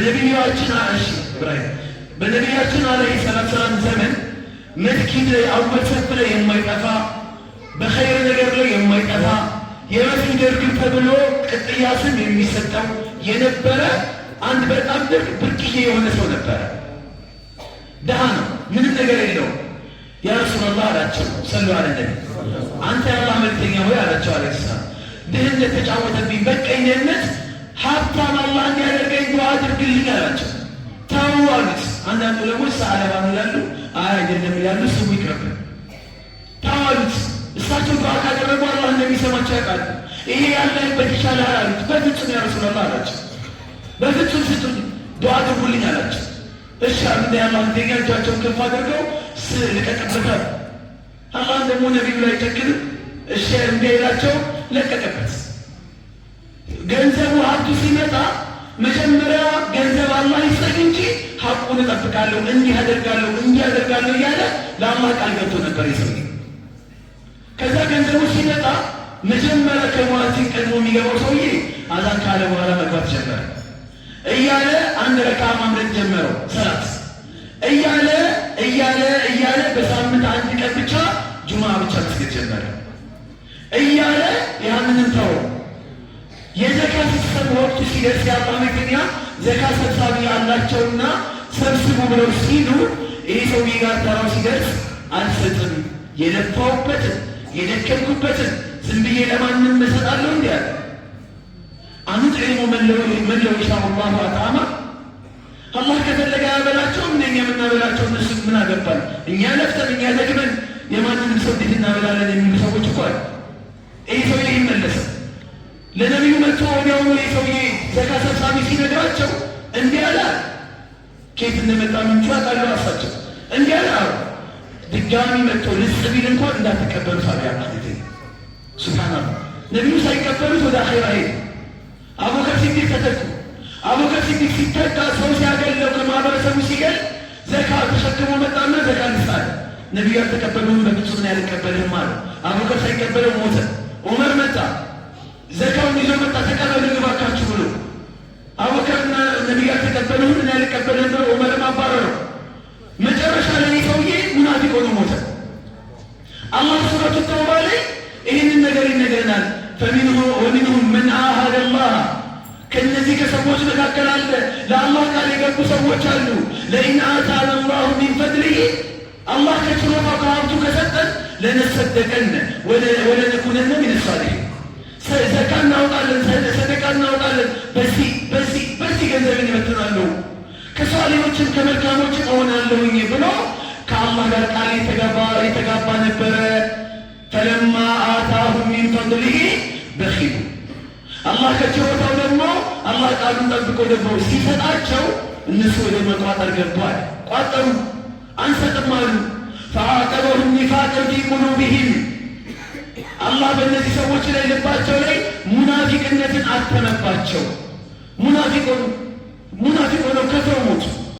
በነቢያችን እሺ ኢብራሂም በነቢያችን አለይሂ ሰላቱ ሰላም ዘመን መስጊድ አወሰፍ ላይ የማይጠፋ በኸይር ነገር ላይ የማይጠፋ የመስጊድ እርግብ ተብሎ ቅጥያ ስም የሚሰጠው የነበረ አንድ በጣም ደግ ብርቅዬ የሆነ ሰው ነበረ። ድሃ ነው፣ ምንም ነገር የለውም። ያ ረሱላላህ አላቸው፣ ሰሉ አለ አንተ የአላህ መልክተኛ ሆይ አላቸው አለ ሰላም ድህነት ተጫወተብኝ፣ በቀኝነት ሀብታም አላህ እንዲያደርገኝ ዱዓ አድርግልኝ አላቸው። ተው አሉት። አንዳንድ ዑለሞች ሰአለባ ይላሉ፣ አይ አይደለም ይላሉ። ስሙ ይቅርብን። ተው አሉት። እሳቸው ዱዓ ካደረጉ አላህ እንደሚሰማቸው ያውቃሉ። ይሄ ያለህበት ይሻላል አሉት። በፍጹም ያረሱላላ አላቸው። በፍጹም ስጡኝ፣ ዱዓ አድርጉልኝ አላቸው። እሺ አሉ። እንደ ያላ ዜጋ እጃቸውን ከፍ አድርገው ልቀቀበታል። አላህ ደግሞ ነቢዩ ላይ ጨክንም እሺ እንዲያይላቸው ለቀቀበት። ገንዘቡ ሀብቱ ሲመጣ መጀመሪያ ገንዘብ አላህ ይስጠኝ እንጂ ሀቁን እጠብቃለሁ፣ እንዲህ አደርጋለሁ፣ እንዲህ አደርጋለሁ እያለ ለአላህ ቃል ገብቶ ነበር የሰው ከዛ ገንዘቡ ሲመጣ መጀመሪያ ከሙአዚን ቀድሞ የሚገባው ሰውዬ አዛን ካለ በኋላ መግባት ጀመረ እያለ አንድ ረካ ማምረት ጀመረው ሰላት እያለ እያለ እያለ በሳምንት አንድ ቀን ብቻ ጁማ ብቻ መስገድ ጀመረ እያለ ያንንም ተወው። የዚህ አባ ምክንያት ዘካ ሰብሳቢ አላቸውና ሰብስቡ ብለው ሲሉ ይህ ሰውዬ ጋር ተራው ሲደርስ አልሰጥም፣ የለፋሁበትን የደከምኩበትን ዝም ብዬ ለማንም መሰጣለሁ እንዲ ያለ አሁን ዒልሙ መለወሻ አላሁ አጣማ አላህ ከፈለገ ያበላቸውም እኛ የምናበላቸው እነሱ ምን አገባል? እኛ ለፍተን እኛ ደግመን የማንንም ሰው እንዴት እናበላለን የሚሉ ሰዎች እኮ አሉ። ይህ ሰውዬ ይመለሳል። ለነቢዩ መጥቶ ወዲያውኑ ይህ ሰውዬ ለተሰብሳቢ ሲነግራቸው እንዲህ አለ። ኬት እንደመጣ ምንቹ ያውቃሉ ራሳቸው። እንዲህ አለ አሉ። ድጋሚ መጥቶ ልጽ ቢል እንኳን እንዳትቀበሉ ሳቢያ ማለት ሱብሃና ነቢዩ ሳይቀበሉት ወደ አኼራ ሄ አቡበከር ሲዲቅ ተተኩ። አቡበከር ሲዲቅ ሲተካ ሰው ሲያገለው ከማህበረሰቡ ሲገል ዘካ ተሸክሞ መጣና ዘካ ልሳለ ነቢዩ ያልተቀበለውን በፍጹም ያልቀበልህም አሉ። አቡበከር ሳይቀበለው ሞተ። ዑመር መጣ ዘካውን ይዞ መጣ። ያልተቀበልህን ያልቀበልህን ብሎ ዑመርም አባረረው። መጨረሻ ላይ ሰውዬ ሙናፊቅ ሆኖ ሞተ። አላህ ሱረቱ ተውባ ላይ ይህንን ነገር ይነግረናል። ወሚንሁም መን አሃደ ላህ ከእነዚህ ከሰዎች መካከል አለ ለአላህ ቃል የገቡ ሰዎች አሉ። ለኢን አታና ላሁ ሚን ፈድሊህ አላህ ከችሎታው ከሀብቱ ከሰጠን ለነሰደቀን ወለነኩነነ ሚን ሳሊሒን ዘካ እናወጣለን፣ ሰደቃ እናወጣለን በዚህ ገንዘብን ይበትናለሁ፣ ከሳሌዎችን ከመልካሞች እሆናለሁኝ ብሎ ከአላህ ጋር ቃል የተጋባ ነበረ። ፈለማ አታሁ ሚን ፈድሊሂ በኺሉ አላህ ከችሮታው ደግሞ አላህ ቃሉን ጠብቆ ደግሞ ሲሰጣቸው እነሱ ወደ መቋጠር ገብተዋል። ቋጠሩ፣ አንሰጥም አሉ። ፈአቀበሁም ኒፋቅን ፊ ቁሉቢሂም አላህ በእነዚህ ሰዎች ላይ ልባቸው ላይ ሙናፊቅነትን አተመባቸው። ሙናፊቁን 我们是中国的骄傲。